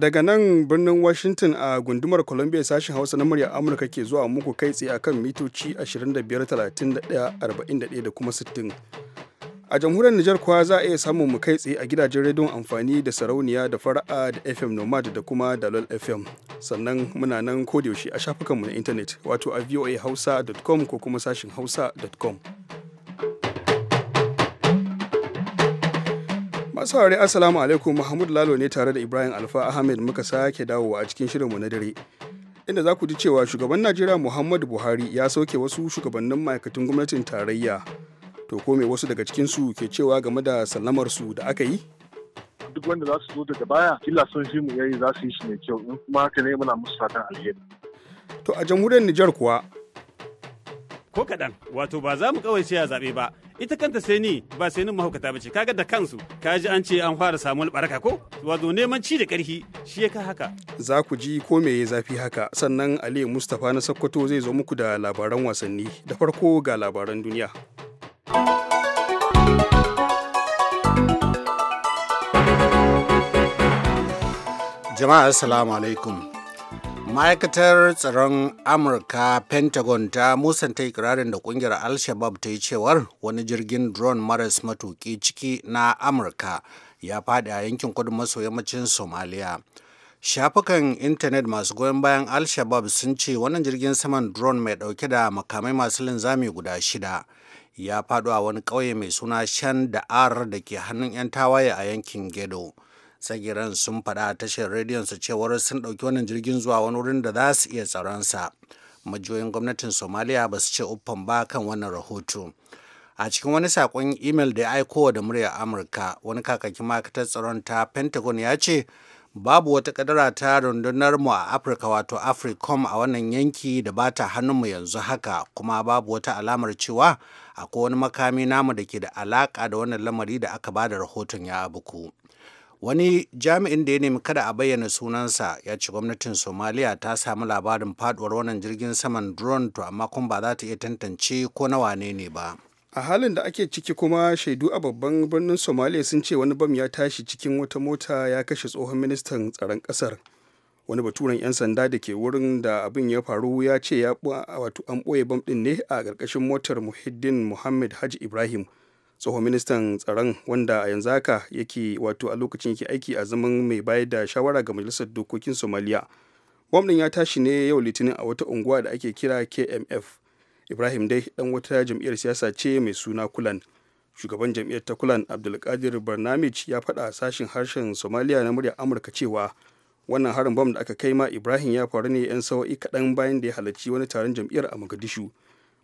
Daga nan birnin Washington a gundumar Columbia sashen Hausa na murya Amurka ke zuwa muku kai tsaye akan mitoci 25, 31, 41 da kuma 60. a jamhuriyar Nijar kuwa za a iya samun mu kai tsaye a gidajen rediyon amfani da sarauniya da fara'a da FM Nomad da kuma Dalol FM. Sannan muna nan yaushe a shafukanmu na intanet wato a voa voahausa.com ko kuma sashin hausa.com. masu haure assalamu alaikum mahmud lalo ne tare da ibrahim alfa ahmed muka sake dawowa a cikin shirinmu na dare inda za ku ji cewa shugaban najeriya muhammadu buhari ya sauke wasu shugabannin ma'aikatan gwamnatin tarayya to ko me wasu daga cikinsu ke cewa game da sallamarsu da aka yi duk wanda za su zo daga baya illa sun shi mu yayi za su yi shi mai kyau in kuma haka ne muna musu fatan alheri to a jamhuriyar nijar kuwa ko kaɗan wato ba za mu kawai sai ya zaɓe ba ita kanta sai ni ba sai ni mahaukata bace kaga da kansu ka ji an ce an fara samu baraka ko wato neman ci da karfi shi ya ka haka za ku ji ko me ya zafi haka sannan Ali Mustafa na Sokoto zai zo muku da labaran wasanni da farko ga labaran duniya jama'a assalamu alaikum ma'aikatar tsaron amurka pentagon ta musanta ikirarin da kungiyar al-shabab ta yi cewar wani jirgin drone maras matuki ciki na amurka ya fadi a yankin kudu maso yammacin somaliya shafukan intanet masu goyon bayan al-shabab sun ce wannan jirgin saman drone mai dauke da makamai masu linzami guda shida ya faɗo a wani kauye mai suna shan da'ar da ke hannun 'yan tawaye a yankin gedo. tsagiran sun faɗa a tashar rediyon su cewar sun ɗauki wannan jirgin zuwa wani wurin da za su iya tsaron sa majiyoyin gwamnatin somaliya ba su ce uffan ba kan wannan rahoto a cikin wani saƙon imel da ya aiko da muryar amurka wani kakakin ma'aikatar tsaron ta pentagon ya ce babu wata kadara ta rundunar mu a afirka wato africom a wannan yanki da ba ta hannunmu yanzu haka kuma babu wata alamar cewa akwai wani makami namu da ke da alaka da wannan lamari da aka ba da rahoton ya abuku wani jami'in da ya nemi kada a bayyana sunansa ya ce gwamnatin somaliya ta sami labarin faduwar wannan jirgin saman drone to amma kuma ba za ta iya tantance ko na wane ne ba a halin da ake ciki kuma shaidu a babban birnin somaliya sun ce wani bam ya tashi cikin wata mota ya kashe tsohon ministan tsaron kasar wani baturen 'yan sanda da ke wurin da abin ya faru ya ce ya wato an ɓoye bam ɗin ne a ƙarƙashin motar muhiddin muhammad haji ibrahim tsohon ministan tsaron wanda a yanzu haka yake wato a lokacin yake aiki a zaman mai bayar da shawara ga majalisar dokokin somaliya bom ya tashi ne yau litinin a wata unguwa da ake kira kmf ibrahim dai dan wata jam'iyyar siyasa ce mai suna kulan shugaban jam'iyyar ta kulan abdulkadir barnamij ya faɗa sashen harshen somaliya na muryar amurka cewa wannan harin bom da aka kai ma ibrahim ya faru ne 'yan sawa'i kaɗan bayan da ya halarci wani taron jam'iyyar a mogadishu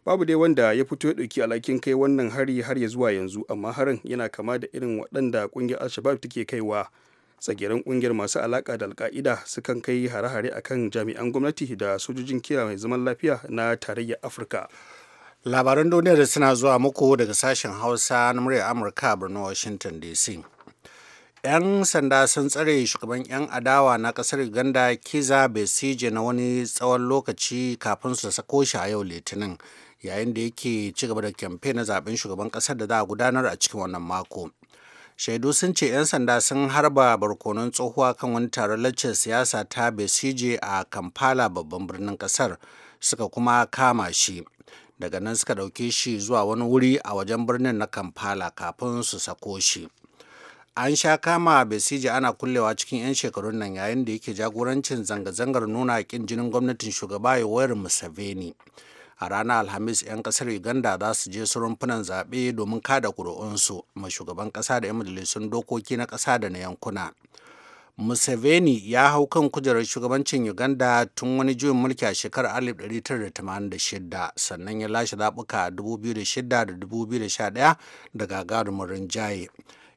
babu dai wanda ya fito ya ɗauki alhakin kai wannan hari har ya zuwa yanzu amma harin yana kama da irin waɗanda ƙungiyar alshabab take kaiwa tsagirin ƙungiyar masu alaka da alka'ida sukan kai hare-hare a kan jami'an gwamnati da sojojin kira mai zaman lafiya na tarayyar afirka labaran duniyar suna zuwa muku daga sashen hausa na murya amurka birnin washington dc 'yan sanda sun tsare shugaban 'yan adawa na kasar uganda kiza besije na wani tsawon lokaci kafin su sako shi a yau litinin yayin da yake ci gaba da kyamfe na zaben shugaban ƙasar da za a gudanar a cikin wannan mako shaidu sun ce 'yan sanda sun harba barkonon tsohuwa kan wani taron lacce siyasa ta besije a kampala babban birnin ƙasar suka kuma kama shi daga nan suka ɗauke shi zuwa wani wuri a wajen birnin na kampala kafin su sako shi an sha kama besije ana kullewa cikin 'yan shekarun nan yayin da yake jagorancin zanga-zangar nuna kin jinin gwamnatin shugaba wayar museveni a ranar alhamis 'yan kasar uganda za su je su rumfunan zaɓe domin kada ƙuri'unsu ma shugaban ƙasa da 'yan majalisun dokoki na ƙasa da na yankuna museveni ya hau kan kujerar shugabancin uganda tun wani juyin mulki a shekarar 1986 sannan ya lashe zaɓuka 2006 da 2011 da gagarumin rinjaye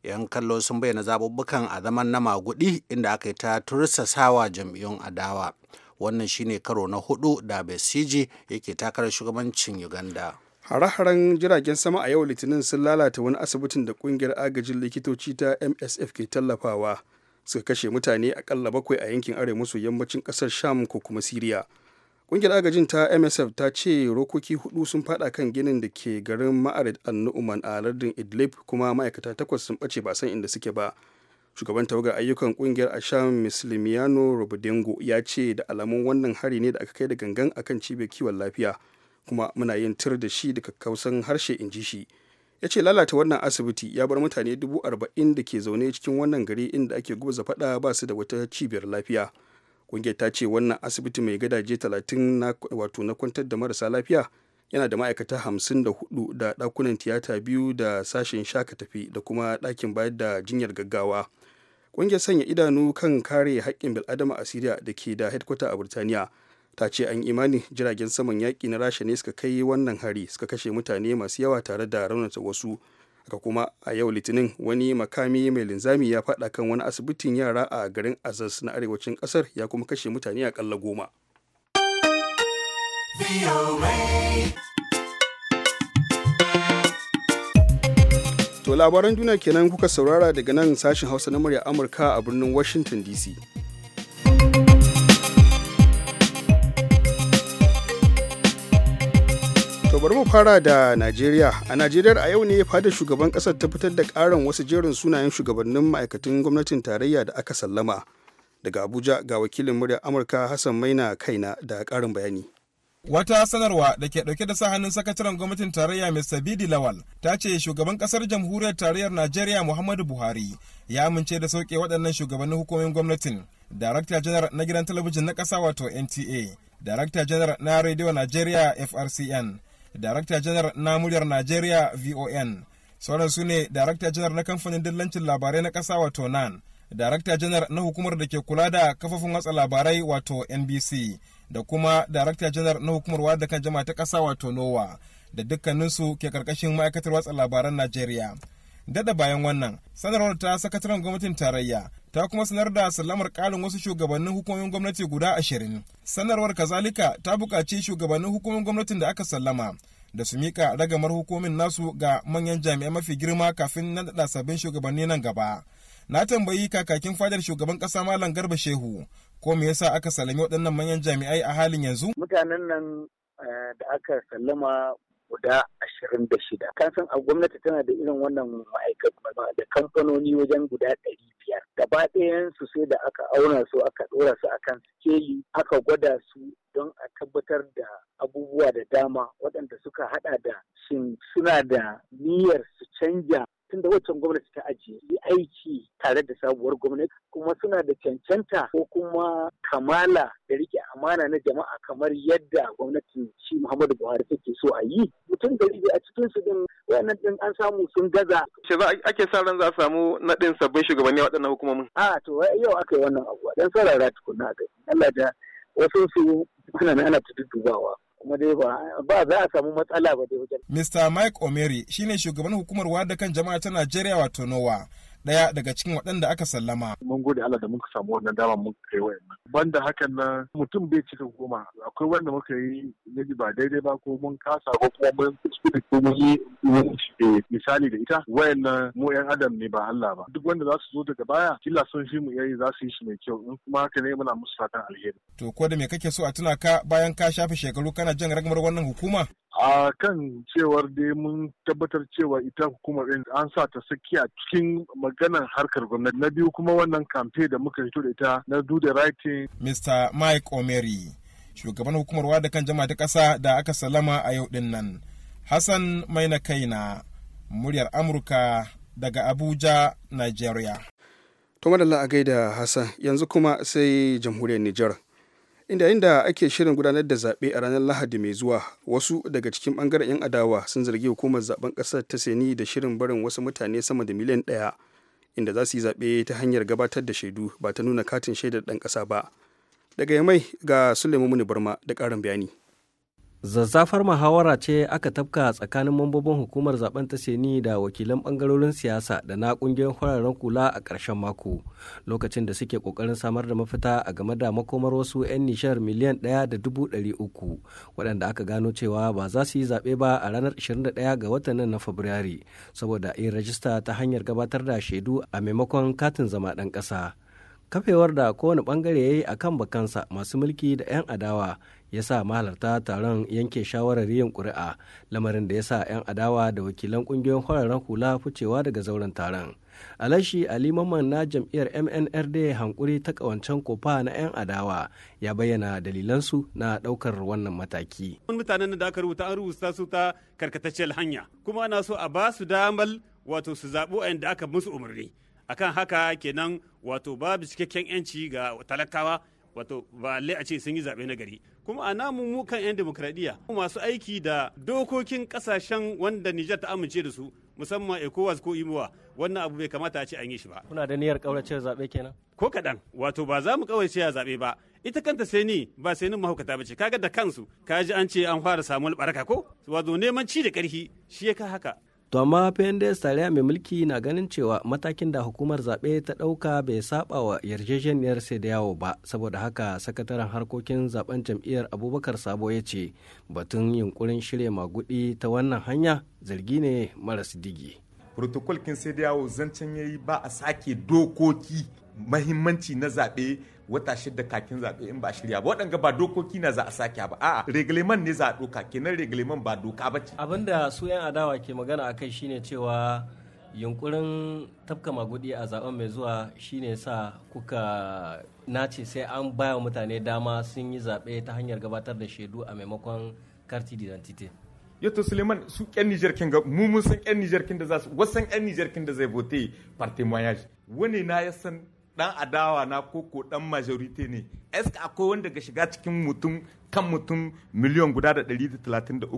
'yan kallo sun bayyana zaɓuɓɓukan a zaman na magudi inda aka yi ta tursasawa jam'iyyun adawa wannan shine karo na hudu da besiji yake takarar shugabancin uganda hare-haren jiragen sama a yau litinin sun lalata wani asibitin da kungiyar agajin likitoci ta msf ke tallafawa suka kashe mutane akalla bakwai a yankin arewa maso yammacin kasar sham ko kuma siriya kungiyar agajin ta msf ta ce rokoki hudu sun fada kan ginin da ke garin ma'arid annu'uman a lardin idlib kuma ma'aikata takwas sun bace ba san inda suke ba shugaban tawagar ayyukan kungiyar asham mislimiano rubudengo ya ce da alamun wannan hari ne da aka kai da gangan akan cibiyar kiwon lafiya kuma muna yin tir da shi da kakkausan harshe in ji shi ya ce lalata wannan asibiti ya bar mutane dubu arba'in da ke zaune cikin wannan gari inda ake gubza faɗa ba su da wata cibiyar lafiya kungiyar ta ce wannan asibiti mai gadaje talatin na wato na kwantar da marasa lafiya yana da ma'aikata hamsin da hudu da ɗakunan tiyata biyu da sashen shaka tafi da kuma dakin bayar da jinyar gaggawa ƙungiyar sanya idanu kan kare haƙƙin bil'adama a siriya da ke da hedkwata a burtaniya ta ce an imani jiragen saman yaƙi na rasha ne suka kai wannan hari suka kashe mutane masu yawa tare da raunata wasu haka kuma a yau litinin wani makami mai linzami ya faɗa kan wani asibitin yara a garin azaz na arewacin ƙasar ya kuma kashe mutane a ƙalla goma. To labaran duniya kenan kuka saurara daga nan sashen Hausa na murya Amurka a birnin Washington DC. To bari mu fara da Najeriya. A Najeriya a yau ne fadar shugaban ƙasar ta fitar da ƙarin wasu jerin sunayen shugabannin ma'aikatan gwamnatin tarayya da aka sallama. Daga Abuja ga wakilin murya Amurka Hassan Maina kaina da ƙarin bayani. Wata sanarwa da ke ɗauke da sa hannun sakataren gwamnatin tarayya Mr. Bidi Lawal ta ce shugaban ƙasar jamhuriyar tarayyar Najeriya Muhammadu Buhari ya amince da sauke waɗannan shugabannin hukumomin gwamnatin. Darakta janar na gidan talabijin na ƙasa wato NTA, Darakta janar na rediyo Najeriya FRCN, Darakta janar na muryar Najeriya VON, sauran su ne Darakta janar na kamfanin dillancin labarai na ƙasa wato NAN, Darakta janar na hukumar da ke kula da kafafun watsa labarai wato NBC. da kuma darakta janar na hukumar da kan jama'a ta ƙasa wato nowa da dukkaninsu ke karkashin ma'aikatar watsa labaran najeriya dada bayan wannan sanarwar ta sakataren gwamnatin tarayya ta kuma sanar da sallamar ƙarin wasu shugabannin hukumomin gwamnati guda ashirin sanarwar kazalika ta buƙaci shugabannin hukumomin gwamnatin da aka sallama da su mika ragamar hukumin nasu ga manyan jami'ai mafi girma kafin na naɗaɗa sabbin shugabanni nan gaba na tambayi kakakin fadar shugaban ƙasa malam garba shehu ko me yasa aka sallami waɗannan manyan jami'ai a halin yanzu mutanen nan eh, da aka sallama guda ashirin da shida kan san a gwamnati tana da irin wannan ma'aikata da kamfanoni wajen guda ɗari biyar gaba ɗayansu sai da aka auna su aka ɗora su akan sikeli aka gwada su don a tabbatar da abubuwa da dama waɗanda suka haɗa da shin suna da niyyar su canja lokacin da waccan gwamnati ta ajiye yi aiki tare da sabuwar gwamnati kuma suna da cancanta ko kuma kamala da rike amana na jama'a kamar yadda gwamnatin shi Muhammadu Buhari take so a yi mutum da a cikin su din wayannan din an samu sun gaza ce za ake sa ran za a samu naɗin sabbin shugabanni waɗannan hukumomin a to yau aka yi wannan abu dan sarara tukunna ga Allah da wasu su ana ana ta dudubawa kuma dai ba ba za a samu matsala ba dai wajen. Mr. Mike Omeri shine shugaban hukumar wada kan jama'a ta Najeriya wato NOWA. ɗaya daga cikin waɗanda aka sallama. Mun gode Allah da muka samu wannan dama mun kai nan. Banda hakan nan mutum bai cika goma akwai wanda muka yi na ba daidai ba ko mun kasa ko kuma mun kuskure ko mun yi eh, misali da ita wayannan mu yan adam ne ba Allah ba. Duk wanda za su zo daga baya kila sun shi mu yayi za su yi shi mai kyau in kuma haka ne muna musu fatan alheri. To ko da me kake so a tuna ka bayan ka shafe shekaru kana jan ragamar wannan hukuma? a kan cewar dai mun tabbatar cewa ita hukumar ɗin an sa ta sakiya cikin maganar harkar gwamnati na biyu kuma wannan kamfe da muka fito da ita na do the right thing. Mr. Mike Omeri shugaban hukumar wada kan jama'a ta ƙasa da aka salama a yau ɗin nan. Hassan Maina na muryar Amurka daga Abuja, Nigeria. To madalla a gaida Hassan yanzu kuma sai jamhuriyar Nijar. inda da ake shirin gudanar da zaɓe a ranar lahadi mai zuwa wasu daga cikin ɓangaren 'yan adawa sun zargi hukumar zaben ƙasar ta seni da shirin barin wasu mutane sama da miliyan ɗaya inda za su yi zaɓe ta hanyar gabatar da shaidu ba ta nuna katin shaidar ɗan ƙasa ba daga yamai ga suleiman muni barma da ƙarin bayani zazzafar muhawara ce aka tafka tsakanin mambobin hukumar zaben ta seni da wakilan bangarorin siyasa da na kungiyar fararen kula a ƙarshen mako lokacin da suke ƙoƙarin samar da mafita a game da makomar wasu 'yan nishar miliyan ɗaya da dubu ɗari uku waɗanda aka gano cewa ba za su yi zaɓe ba a ranar 21 ga watan nan na fabrairu saboda yin rajista ta hanyar gabatar da shaidu a maimakon katin zama ɗan ƙasa kafewar da kowane ɓangare ya yi a kan bakansa masu mulki da 'yan adawa ya sa mahalarta taron yanke shawarar yin ƙuri'a lamarin da ya sa 'yan adawa da wakilan ƙungiyoyin kwararren hula ficewa daga zauren taron alashi ali mamman na jam'iyyar mnrd hankuri ta kawancen kofa na 'yan adawa ya bayyana dalilansu na ɗaukar wannan mataki mutanen da aka rubuta an rubuta su ta karkatacciyar hanya kuma ana so a ba su damal wato su zaɓi da aka musu umarni akan haka kenan wato babu cikakken 'yanci ga talakawa wato ba a ce sun yi zaɓe na gari kuma a namu mu kan 'yan demokradiyya masu aiki da dokokin kasashen wanda Nijar ta amince da su musamman ECOWAS ko imowa wannan abu bai kamata a ce an yi shi ba. Kuna da niyyar kaurace zaɓe kenan? Ko kaɗan wato ba za mu a zaɓe ba ita kanta sai ni ba sai nin mahaukata ba ce kaga da kansu ka ji an ce an fara samu albaraka ko wato neman ci da ƙarfi shi ya ka haka To amma PNDS tarayya mai mulki na ganin cewa matakin da hukumar zaɓe ta ɗauka bai saba wa yarjejeniyar sai da yawo ba, saboda haka sakataren harkokin zaben jam'iyyar Abubakar Sabo ya ce batun yunkurin shirya magudi ta wannan hanya zargi ne maras digi. Protokol kin sai da yawo zancen yayi ba a sake dokoki mahimmanci na zaɓe wata shida kakin zaɓe in ba shirya ba waɗanga ba dokoki na za a sake ba a'a regleman ne za a doka kenan regleman ba doka ba ce abinda su yan adawa ke magana a kai shine cewa yunkurin tafka magudi a zaben mai zuwa shine sa kuka nace sai an baya mutane dama sun yi zaɓe ta hanyar gabatar da shaidu a maimakon karti d'identité yato suleiman su yan nijar kin ga mu mun san yan nijar kin da za su wasan yan nijar kin da zai vote par témoignage wani na ya san dan adawa na koko dan majority ne eska akwai wanda ga shiga cikin mutum kan mutum miliyan guda da 133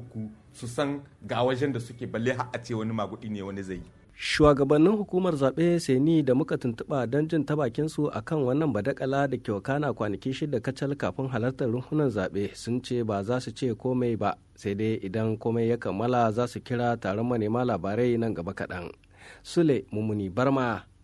su san ga wajen da suke balle har a ce wani magudi ne wani zai shugabannin hukumar zaɓe seni da muka tuntuɓa don jin ta bakinsu a kan wannan badakala da kyaukana kwanaki shida kacal kafin halartar runhunan zaɓe sun ce ba za su ce komai ba sai dai idan komai ya kammala za su kira taron manema labarai nan gaba kaɗan sule mummuni barma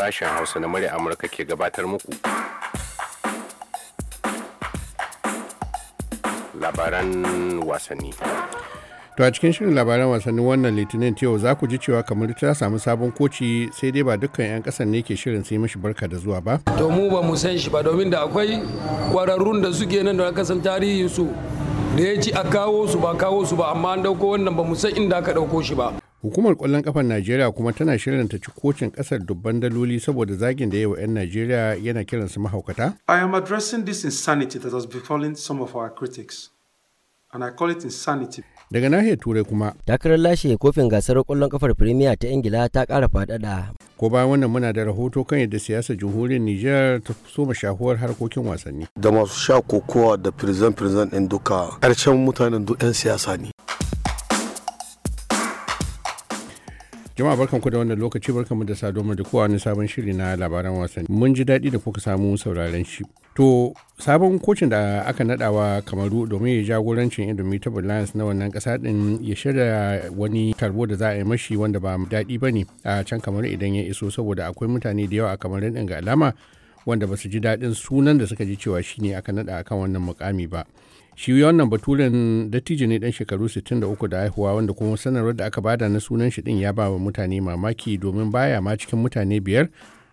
sashen hausa na murya amurka ke gabatar muku labaran wasanni to a cikin shirin labaran wasanni wannan litinin yau za ku ji cewa kamar ta samu sabon koci sai dai ba dukkan 'yan kasan ne ke shirin sai mishi barka da zuwa ba to mu ba mu san shi ba domin da akwai kwararrun da suke nan da kasan tarihin su da ya ci a kawo su ba kawo su ba amma an dauko wannan ba mu san inda aka dauko shi ba Hukumar kwallon kafar Najeriya kuma tana shirin ta ci kocin kasar dubban daloli saboda zagin da yawa 'yan Najeriya yana kiran su mahaukata. I am addressing this insanity that has befallen some of our critics. and I call it insanity. Daga nahiyar Turai kuma. Takarar lashe kofin gasar kwallon kafar Premier ta Ingila ta kara faɗaɗa. Ko bayan wannan muna da rahoto kan yadda siyasar jamhuriyar Nijar ta soma shahuwar harkokin wasanni. Da masu sha kokowa da firzan-firzan ɗin duka ƙarshen mutanen duk 'yan siyasa ne. jama'a barkanku da wannan lokaci mu da sadoma da kowa wani sabon shiri na labaran wasanni mun ji daɗi da kuka samu sauraren shi to sabon kocin da aka wa kamaru domin ya jagorancin indomitable lions na wannan kasa din ya shirya wani tarbo da za a yi mashi wanda ba daɗi ba ne a can kamaru idan ya iso saboda akwai mutane da yawa a kamaru ɗin ga alama wanda ba su ji daɗin sunan da suka ji cewa shine aka naɗa akan wannan mukami ba shi wannan baturen dattijo ne dan shekaru 63 da haihuwa wanda kuma sanarwar da aka bada na sunan shi din ya ba wa mutane mamaki domin baya ma cikin mutane biyar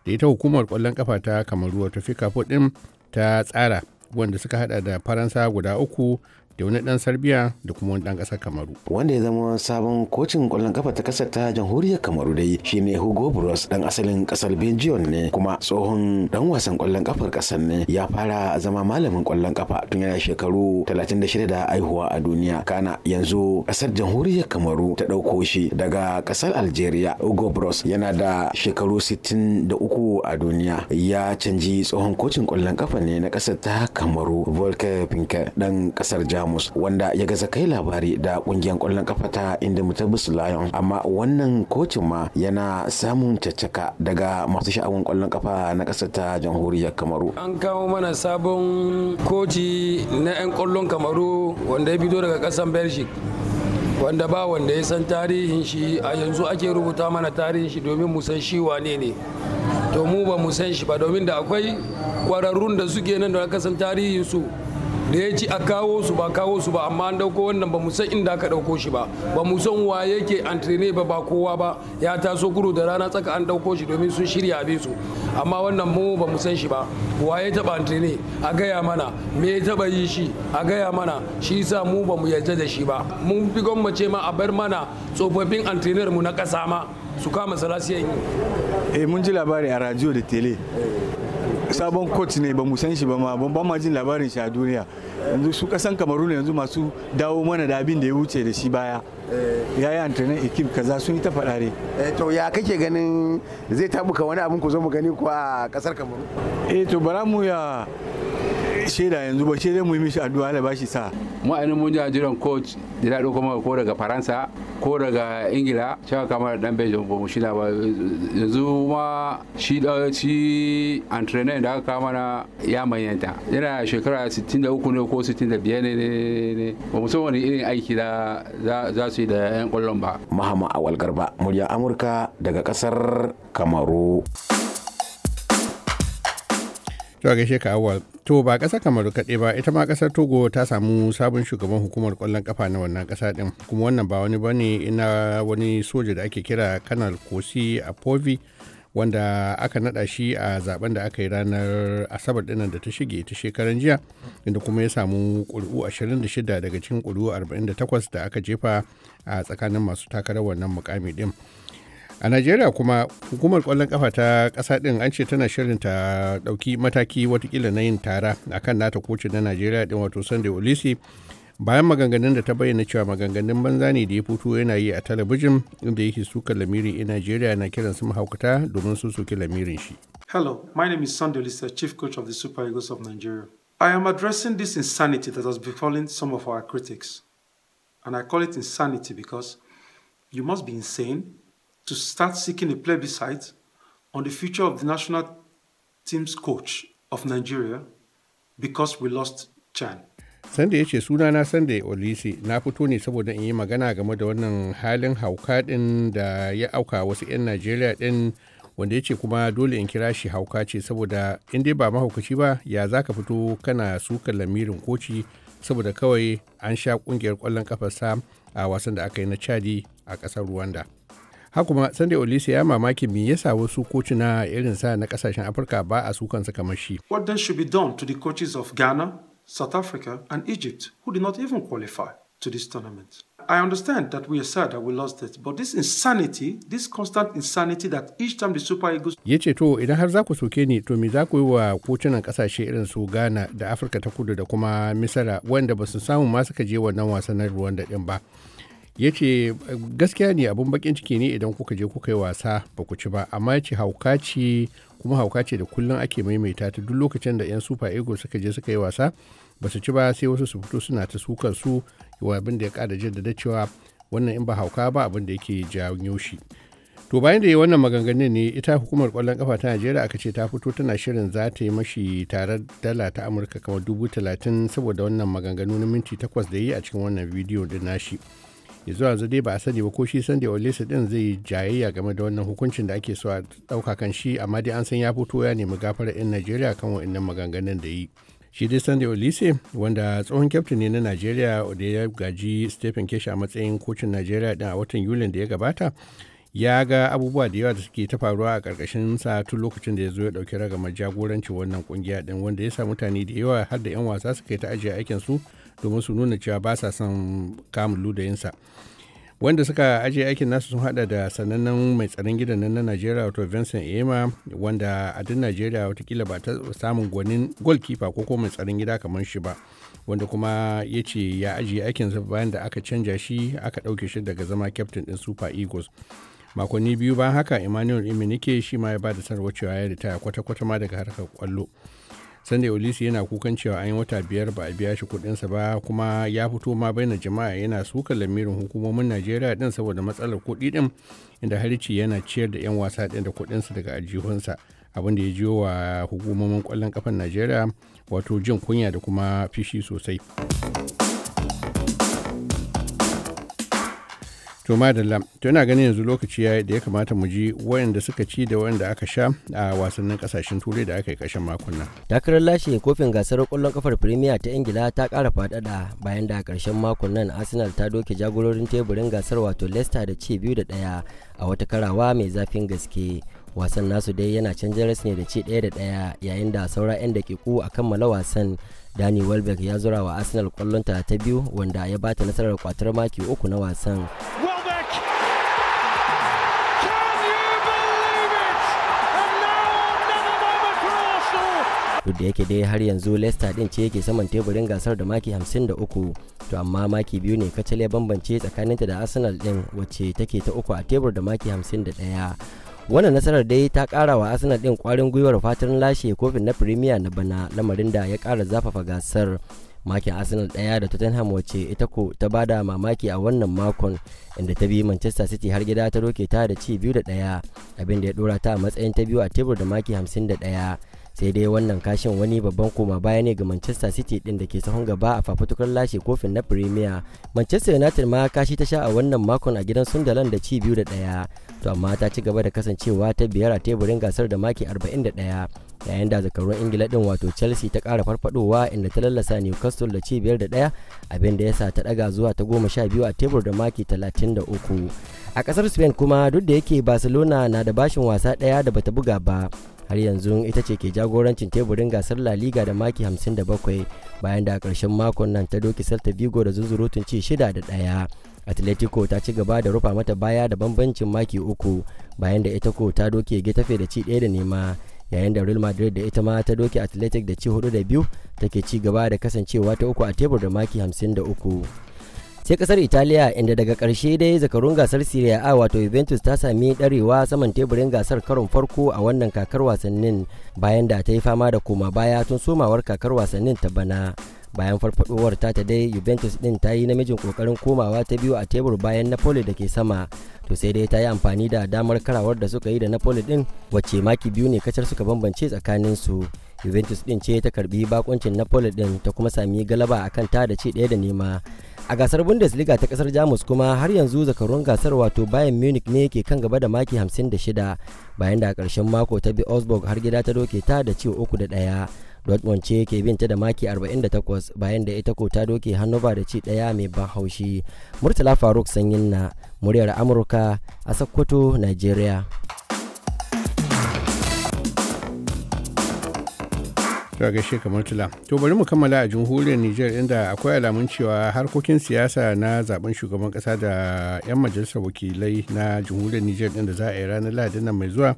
da ita hukumar kwallon kafa ta kamaru wato fika din ta tsara wanda suka hada da faransa guda uku da wani dan Sarbiya da kuma wani dan kasar Kamaru. Wanda ya zama sabon kocin kwallon kafa ta kasar ta jamhuriyar Kamaru dai shine Hugo Bros dan asalin kasar Belgium ne kuma tsohon dan wasan kwallon kafar kasar ne ya fara zama malamin kwallon kafa tun yana shekaru 36 da aihuwa a duniya kana yanzu kasar jamhuriyar Kamaru ta dauko shi daga kasar Algeria Hugo Bros yana da shekaru 63 a duniya ya canji tsohon kocin kwallon kafa ne na kasar ta Kamaru Volker pinker dan kasar Jamus jamus wanda ya gaza kai labari da kungiyar kwallon kafa ta inda indomitable lion amma wannan kocin ma yana samun caccaka daga masu sha'awun kwallon kafa na kasar ta jamhuriyar kamaru an kawo mana sabon koci na 'yan kwallon kamaru wanda ya fito daga kasar belgium wanda ba wanda ya san tarihin shi a yanzu ake rubuta mana tarihin shi domin mu san shi wane ne to mu ba mu san shi ba domin da akwai kwararrun da suke nan da aka san tarihin su da ya ci a kawo su ba kawo su ba amma an dauko wannan ba san inda aka dauko shi ba ba mu san wa yake antrene ba ba kowa ba ya taso kuro da rana tsaka an dauko shi domin sun shirya abin su amma wannan mu ba mu san shi ba wa ya taba antrene a gaya mana me ya taba yi shi a gaya mana shi sa mu ba mu yarda da shi ba mun fi gwammace ma a bar mana tsofaffin antrenar mu na kasa ma su kama salasiyan yi eh mun ji labari a radio da tele sabon coach ne ba mu san shi ba ma ban ma jin labarin shi a duniya yanzu su kasan kamaru yanzu masu dawo mana da abin da ya wuce da shi baya eh. ya yi ekip kaza sun yi ta faɗare. Eh, to ya kake ganin zai tabuka wani abin ku zo mu gani ko a kasar kamaru eh to bara mu ya shaida yanzu ba shaida mu yi mishi addu'a Allah bashi sa mu a mun ji jiran coach da da kuma ko daga Faransa ko daga Ingila cewa kamar dan Belgium ba mu shina ba yanzu ma shi da shi entrainer da aka mana ya manyanta yana shekara 63 ne ko 65 ne ne ne ba mu san wani irin aiki da za su yi da 'yan kullun ba. Mahama Awal Garba, murya Amurka daga kasar Kamaru. To gaishe ka awal. To ba ƙasar Kamaru kaɗai ba ita ma ƙasar Togo ta samu sabon shugaban hukumar kwallon kafa na wannan kasa ɗin. Kuma wannan ba wani bane ina wani soja da ake kira Kanal Kosi povi wanda aka naɗa shi a zaben da aka yi ranar asabar ɗinnan da ta shige ta shekaran jiya inda kuma ya samu ƙuri'u 26 daga cikin ƙuri'u 48 da aka jefa a tsakanin masu takarar wannan mukami din a Nigeria, kuma hukumar kwallon kafa ta kasa din an ce tana shirin ta dauki mataki watakila na yin tara akan nata kocin na Nigeria, din wato sunday olisi bayan maganganun da ta bayyana cewa maganganun banza ne da ya fito yana yi a talabijin inda yake suka lamiri a najeriya na kiran su mahaukata domin su soki lamirin shi hello my name is sunday olisi chief coach of the super eagles of nigeria i am addressing this insanity that has befallen some of our critics and i call it insanity because you must be insane to start seeking a plebiscite on the future of the national team's coach of Nigeria because we lost Chan. Sanda yace ce sunana Sunday Olisi na fito ne saboda in yi magana game da wannan halin hauka din da ya auka wasu 'yan Najeriya din wanda yace kuma dole in kira shi hauka ce saboda in dai ba mahaukaci ba ya za ka fito kana sukar lamirin koci saboda kawai an sha kungiyar kwallon kafa sa a wasan da aka yi na Chadi a ƙasar Rwanda. kuma sanda olisi ya mamaki me yasa wasu na irin sa na kasashen afirka ba a su kamar shi what then should be done to the coaches of ghana south africa and egypt who did not even qualify to this tournament I understand that we are sad that we lost it, but this insanity, this constant insanity that each time the Super Eagles. Ya ce to idan har za ku soke ni to me za ku yi wa kocinan kasashe irin su Ghana da Afirka ta Kudu da kuma Misira wanda ba su samu ma suka je wannan wasan na Rwanda din ba. ya ce gaskiya ne abun bakin ciki ne idan kuka je kuka yi wasa ba ku ci ba amma ya ce hauka ce kuma hauka ce da kullum ake maimaita ta duk lokacin da 'yan super ego suka je suka yi wasa ba su ci ba sai wasu su fito suna ta sukar su abin da ya kada jaddada cewa wannan in ba hauka ba abin da yake janyo shi to bayan da ya wannan maganganun ne ita hukumar kwallon kafa ta najeriya aka ce ta fito tana shirin za ta yi mashi tare dala ta amurka kamar dubu talatin saboda wannan maganganu na minti takwas da yi a cikin wannan bidiyo din nashi ya zuwa yanzu dai ba a sani ba ko shi sunday olisa din zai jayayya game da wannan hukuncin da ake so a ɗauka kan shi amma dai an san ya fito ya nemi gafarar 'yan najeriya kan wa'annan maganganun da yi shi dai sunday olise wanda tsohon kyaftin ne na najeriya da ya gaji stephen kesha a matsayin kocin najeriya din a watan yulin da ya gabata ya ga abubuwa da yawa da suke ta faruwa a ƙarƙashin sa tun lokacin da ya zo ya ɗauki ragamar jagorancin wannan ƙungiya din wanda ya sa mutane da yawa har da 'yan wasa suka yi ta ajiye aikinsu. su domin su nuna cewa ba sa son kamun ludayinsa wanda suka ajiye aikin nasu sun hada da sanannen mai tsaron gidan nan na najeriya wato vincent ema wanda a duk najeriya watakila ba ta samun gwanin goalkeeper ko ko mai tsaron gida kamar shi ba wanda kuma ya ce ya ajiye aikinsa bayan da aka canja shi aka dauke shi daga zama captain din super eagles makonni biyu bayan haka emmanuel iminike shi ma ya ba da sanarwar cewa ya ritaya kwata-kwata ma daga harkar kwallo sanda Olisi yana kukan cewa an yi wata biyar ba a biya shi kuɗinsa ba kuma ya fito ma baina jama'a yana suka lamirin hukumomin Najeriya din saboda matsalar kuɗi din inda harici yana ciyar da 'yan wasa din da kuɗinsa daga aljihunsa abin ya jiyo wa hukumomin kwallon kafan Najeriya wato jin kunya da kuma fishi sosai. To madalla, to ina ganin yanzu lokaci ya da ya kamata mu ji wayanda suka ci da wayanda aka sha a wasannin kasashen turai da aka yi kashin makon Takarar lashe kofin gasar kwallon kafar Premier ta Ingila ta kara faɗaɗa bayan da karshen ƙarshen makon nan Arsenal ta doke jagororin teburin gasar wato Leicester da ci biyu da daya a wata karawa mai zafin gaske. Wasan nasu dai yana can jaras ne da ci daya da daya yayin da saura 'yan ku a kammala wasan Dani Welbeck ya zura wa Arsenal kwallon ta biyu wanda ya bata nasarar kwatar maki uku na wasan. duk da yake dai har yanzu leicester din ce yake saman teburin gasar da maki 53 to amma maki biyu ne kacal ya bambance tsakaninta da arsenal din wacce take ta uku a tebur da maki 51 wannan nasarar dai ta kara wa arsenal din kwarin gwiwar fatan lashe kofin na premier na bana lamarin da ya kara zafafa gasar makin arsenal daya da tottenham wacce ita ko ta bada mamaki a wannan makon inda ta bi manchester city har gida ta roke ta da ci biyu da daya abinda ya dora ta a matsayin ta biyu a tebur da maki 51 sai dai wannan kashin wani babban koma baya ne ga manchester city din da ke sahun gaba a fafutukar lashe kofin na premier manchester united ma kashi ta sha a wannan makon a gidan sundalan da ci biyu da daya to amma ta ci gaba da kasancewa ta biyar a teburin gasar da maki arba'in da daya yayin da zakarun ingila din wato chelsea ta kara farfadowa inda ta lallasa newcastle da ci biyar da daya abin da ya sa ta daga zuwa ta goma sha biyu a tebur da maki uku a kasar spain kuma duk da yake barcelona na da bashin wasa daya da bata buga ba har yanzu ita ce ke jagorancin teburin gasar la liga da maki 57 bayan da a ƙarshen makon nan ta doki celta vigo da zunzurutun ci 6 da 1 atletico ta ci gaba da rufa mata baya da bambancin maki uku bayan da ita ko ta doke getafe da ci ɗaya da nema yayin da real madrid da ita ma ta doke athletic da ci hudu da biyu take ci gaba da kasancewa ta uku a tebur da maki 53 sai kasar italiya inda daga karshe dai zakarun gasar serie a wato juventus ta sami darewa saman teburin gasar karon farko a wannan kakar wasannin bayan da ta yi fama da koma baya tun somawar kakar wasannin ta bana bayan farfadowar ta ta dai juventus din ta yi namijin kokarin komawa ta biyu a tebur bayan napoli da ke sama to sai dai ta yi amfani da damar karawar da suka yi da napoli din wacce maki biyu ne kacar suka bambance tsakanin su juventus din ce ta karbi bakoncin napoli din ta kuma sami galaba akan ta da ci daya da nema a gasar bundesliga ta kasar jamus kuma har yanzu zakarun gasar wato bayan munich ne ke kan gaba da maki 56 bayan da a karshen mako ta bi osborg har gida ta doke ta da ciwo uku da daya dortmund ce ke binta da maki 48 bayan da ita ko ta doke hannover da ci daya mai ban haushi murtala faruk sanyin na muryar amurka a sokoto nigeria Ga gaishe kamar tula to bari mu kammala a jamhuriyar nijar inda akwai alamun cewa harkokin siyasa na zaben shugaban kasa da 'yan majalisar wakilai na jamhuriyar nijar din da za a yi ranar lahadin nan mai zuwa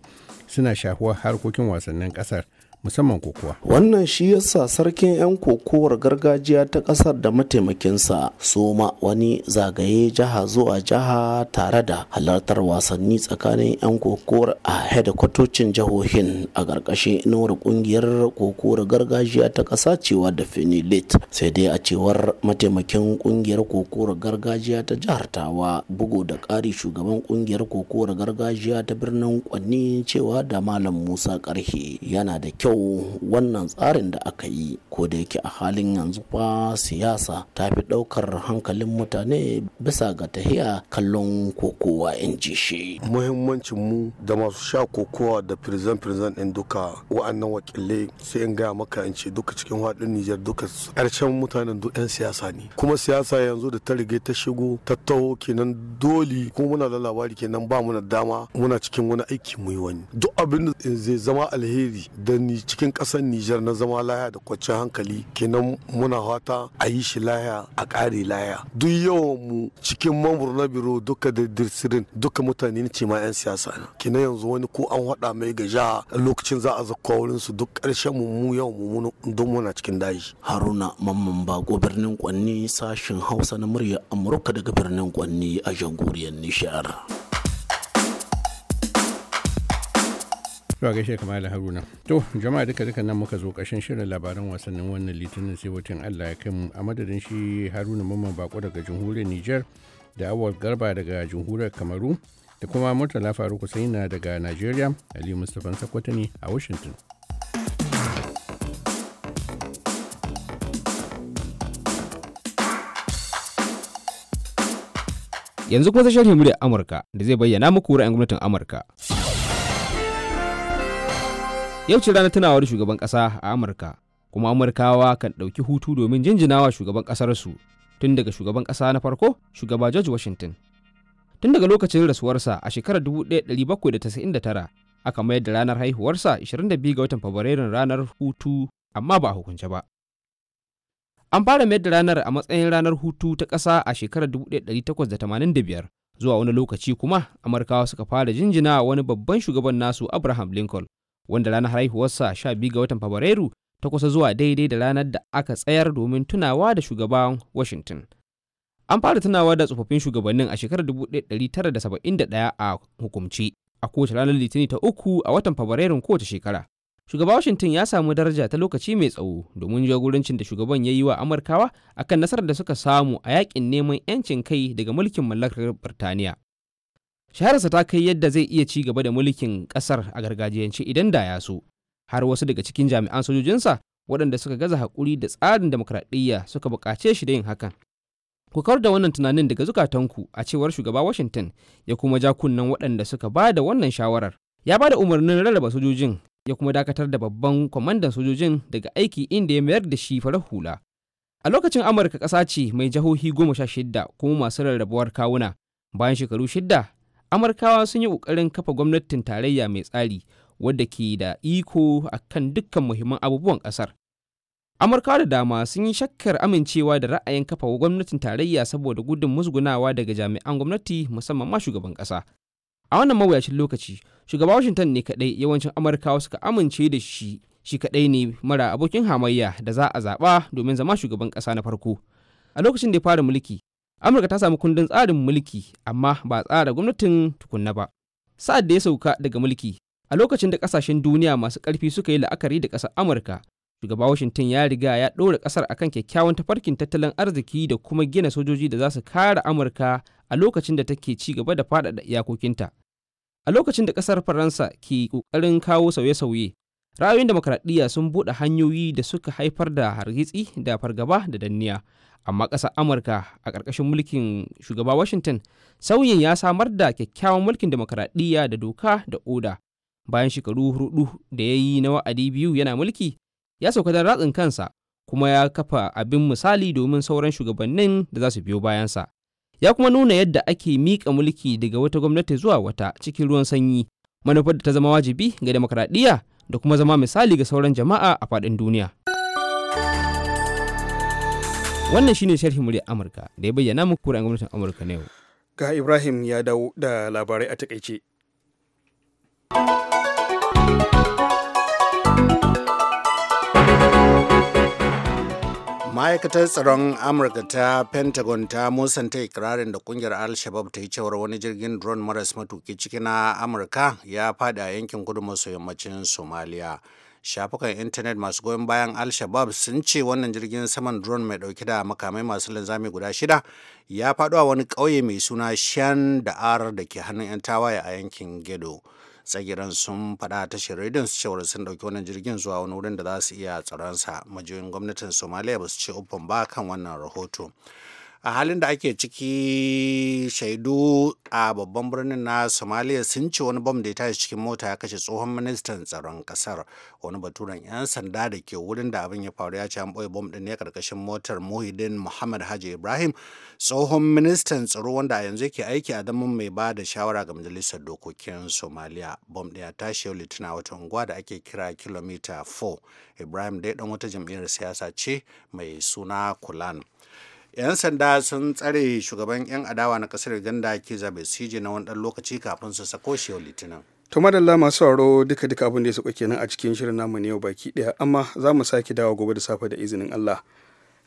suna shahuwa harkokin wasannin kasar musamman kokowa. Wannan shi yasa sarkin 'yan kokowar gargajiya ta ƙasar da mataimakinsa soma wani zagaye jiha zuwa jiha tare da halartar wasanni tsakanin 'yan kokowar a hedikwatocin jihohin a ƙarƙashin inuwar ƙungiyar kokowar gargajiya ta ƙasa cewa da finilit sai dai a cewar mataimakin ƙungiyar kokowar gargajiya ta jihar tawa bugu da ƙari shugaban ƙungiyar kokowar gargajiya ta birnin kwanni cewa da malam musa ƙarhe yana da kyau kyau wannan tsarin da aka yi ko da yake a halin yanzu fa siyasa ta fi ɗaukar hankalin mutane bisa ga tahiya kallon kokowa in ji shi muhimmancin mu da masu sha kokowa da firzan firzan ɗin duka wa'annan wakile sai in gaya maka in ce duka cikin haɗin nijar duka ƙarshen mutanen duk 'yan siyasa ne kuma siyasa yanzu da ta riga ta shigo ta taho kenan dole ko muna da labari kenan ba mu dama muna cikin wani aiki mu yi wani duk abin da zai zama alheri da ni cikin ƙasar Nijar na zama laya da kwanciyar hankali kenan muna fata a yi shi laya a kare laya duk yawan mu cikin mamur na biro duka da dirsirin duka mutane ne ce ma 'yan siyasa na. kenan yanzu wani ko an haɗa mai ga jiha lokacin za a zakwa wurin su duk ƙarshen mu mu yawan mu don muna cikin daji haruna mamman bako birnin kwanni sashen hausa na murya amurka daga birnin kwanni a jamhuriyar nishar. To gaishe da Haruna. To jama'a duka duka nan muka zo kashin shirin labaran wasannin wannan litinin sai wutan Allah ya kai mu a madadin shi Haruna Mamman Bako daga jamhuriyar Niger da Awal Garba daga jamhuriyar Kamaru da kuma Murtala Faruku Saina daga Nigeria Ali Mustapha Sakwata ne a Washington. Yanzu kuma sashen murya Amurka da zai bayyana muku ra'ayin gwamnatin Amurka. Yau ce ranar tunawar shugaban kasa a Amurka, kuma Amurkawa kan ɗauki hutu domin jinjinawa shugaban ƙasarsu tun daga shugaban ƙasa na farko, shugaba George Washington. Tun daga lokacin rasuwarsa a shekarar 1799 aka mayar da ranar haihuwarsa 22 ga watan Fabrairun ranar hutu amma ba a hukunce ba. An fara mayar da ranar a matsayin ranar hutu ta ƙasa a shekarar 1885 zuwa wani lokaci kuma Amurkawa suka fara jinjina wani babban shugaban nasu Abraham Lincoln wanda ranar haihuwarsa 12 ga watan Fabrairu ta kusa zuwa daidai da ranar da aka tsayar domin tunawa da shugaban Washington. An fara tunawa da tsofaffin shugabannin a shekarar 1971 a hukumce a kowace ranar Litinin ta uku a watan fabrairu kowace shekara. Shugaba Washington ya samu daraja ta lokaci mai tsawo domin jagorancin da shugaban ya yi wa Amurkawa akan nasarar da suka samu a yakin neman 'yancin kai daga mulkin mallakar Birtaniya. shahararsa ta kai yadda zai iya ci gaba da mulkin kasar a gargajiyance idan da ya so har wasu daga cikin jami'an sojojinsa waɗanda suka gaza haƙuri da tsarin demokradiyya suka buƙace shi da yin hakan ku kawar da wannan tunanin daga zukatanku a cewar shugaba washington ya kuma ja kunnen waɗanda suka ba da wannan shawarar ya ba da umarnin rarraba sojojin ya kuma dakatar da babban kwamandan sojojin daga aiki inda ya mayar da shi farar hula a lokacin amurka ƙasa ce mai jihohi goma sha shidda kuma masu rarrabuwar kawuna bayan shekaru shidda amurkawa sun yi ƙoƙarin kafa gwamnatin tarayya mai tsari wadda ke da iko a kan dukkan muhimman abubuwan ƙasar amurkawa da dama sun yi shakkar amincewa da ra'ayin kafa gwamnatin tarayya saboda gudun musgunawa daga jami'an gwamnati musamman ma shugaban ƙasa a wannan mawuyacin lokaci shugaban washington ne kaɗai yawancin amurkawa suka amince da shi shi kaɗai ne mara abokin hamayya da za a zaɓa domin zama shugaban ƙasa na farko a lokacin da ya fara mulki amurka ta samu kundin tsarin mulki amma ba tsara gwamnatin tukunna ba sa'ad da ya sauka daga mulki a lokacin da kasashen duniya masu ƙarfi suka yi la'akari da ƙasar amurka shugaba washington ya riga ya ɗora ƙasar akan kyakkyawan tafarkin tattalin arziki da kuma gina sojoji da za su kare amurka a lokacin da take ci gaba da faɗaɗa iyakokinta a lokacin da ƙasar faransa ke ƙoƙarin kawo sauye-sauye ra'ayoyin demokradiyya sun buɗe hanyoyi da suka haifar da hargitsi da fargaba da danniya amma ƙasar amurka a ƙarƙashin mulkin shugaba washington sauyin ya samar da kyakkyawan mulkin demokradiyya da doka da oda bayan shekaru hudu da ya yi na wa'adi biyu yana mulki ya sauka don ratsin kansa kuma ya kafa abin misali domin sauran shugabannin da za su biyo bayansa ya kuma nuna yadda ake miƙa mulki daga wata gwamnati zuwa wata cikin ruwan sanyi manufar da ta zama wajibi ga demokradiyya da kuma zama misali ga sauran jama'a a faɗin duniya. Wannan shine sharhin murya Amurka da ya bayyana muku kuran gwamnatin Amurka na yau. Ga Ibrahim ya dawo da labarai a takaice. ma'aikatar tsaron amurka ta pentagon ta musanta ikirarin da kungiyar al-shabab ta yi cewar wani jirgin drone maras matuki ciki na amurka ya fada a yankin kudu maso yammacin somaliya shafukan intanet masu goyon bayan al-shabab sun ce wannan jirgin saman drone mai dauke da makamai masu linzami guda shida ya fado a wani ƙauye mai suna shan da'ar da ke hannun 'yan tawaye a yankin gedo. tsagiran sun faɗa tashar rediyon su cewar sun ɗauki wannan jirgin zuwa wani wurin da za su iya tsaronsa majiyoyin gwamnatin somaliya ba su ce uffan ba kan wannan rahoto a halin da ake ciki shaidu a babban birnin na somalia sun ce wani bom da ya tashi cikin mota ya kashe tsohon ministan tsaron kasar wani baturen 'yan sanda da ke wurin da abin ya faru ya ce an ɓoye bom din ne karkashin motar muhidin muhammad haji ibrahim tsohon ministan tsaro wanda a yanzu yake aiki a zaman mai ba da shawara ga majalisar dokokin somalia bom din ya tashi yau litinin wata unguwa da ake kira kilomita 4 ibrahim dai dan wata jam'iyyar siyasa ce mai suna kulan 'yan sanda sun tsare shugaban 'yan adawa na kasar uganda zabe siji na wani ɗan lokaci kafin su sako shi yau litinin to madalla masu sauraro duka duka abin da ya sauka kenan a cikin shirin namu ne yau baki daya amma za mu sake dawo gobe da safe da izinin allah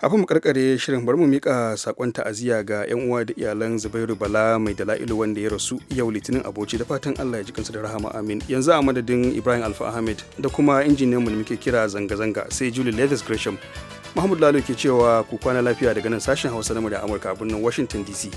kafin mu karkare shirin bari mu mika sakon ta'aziyya ga yan uwa da iyalan Zubairu Bala mai dala'ilu wanda ya rasu yau Litinin Aboci da fatan Allah ya ji kansa da rahama amin yanzu a madadin Ibrahim Alfa Ahmed da kuma injiniyan mu da muke kira zanga zanga sai Julie Leathers Gresham Mahmud Lalo ke cewa ku kwana lafiya daga nan sashen Hausa na da Amurka a birnin Washington DC.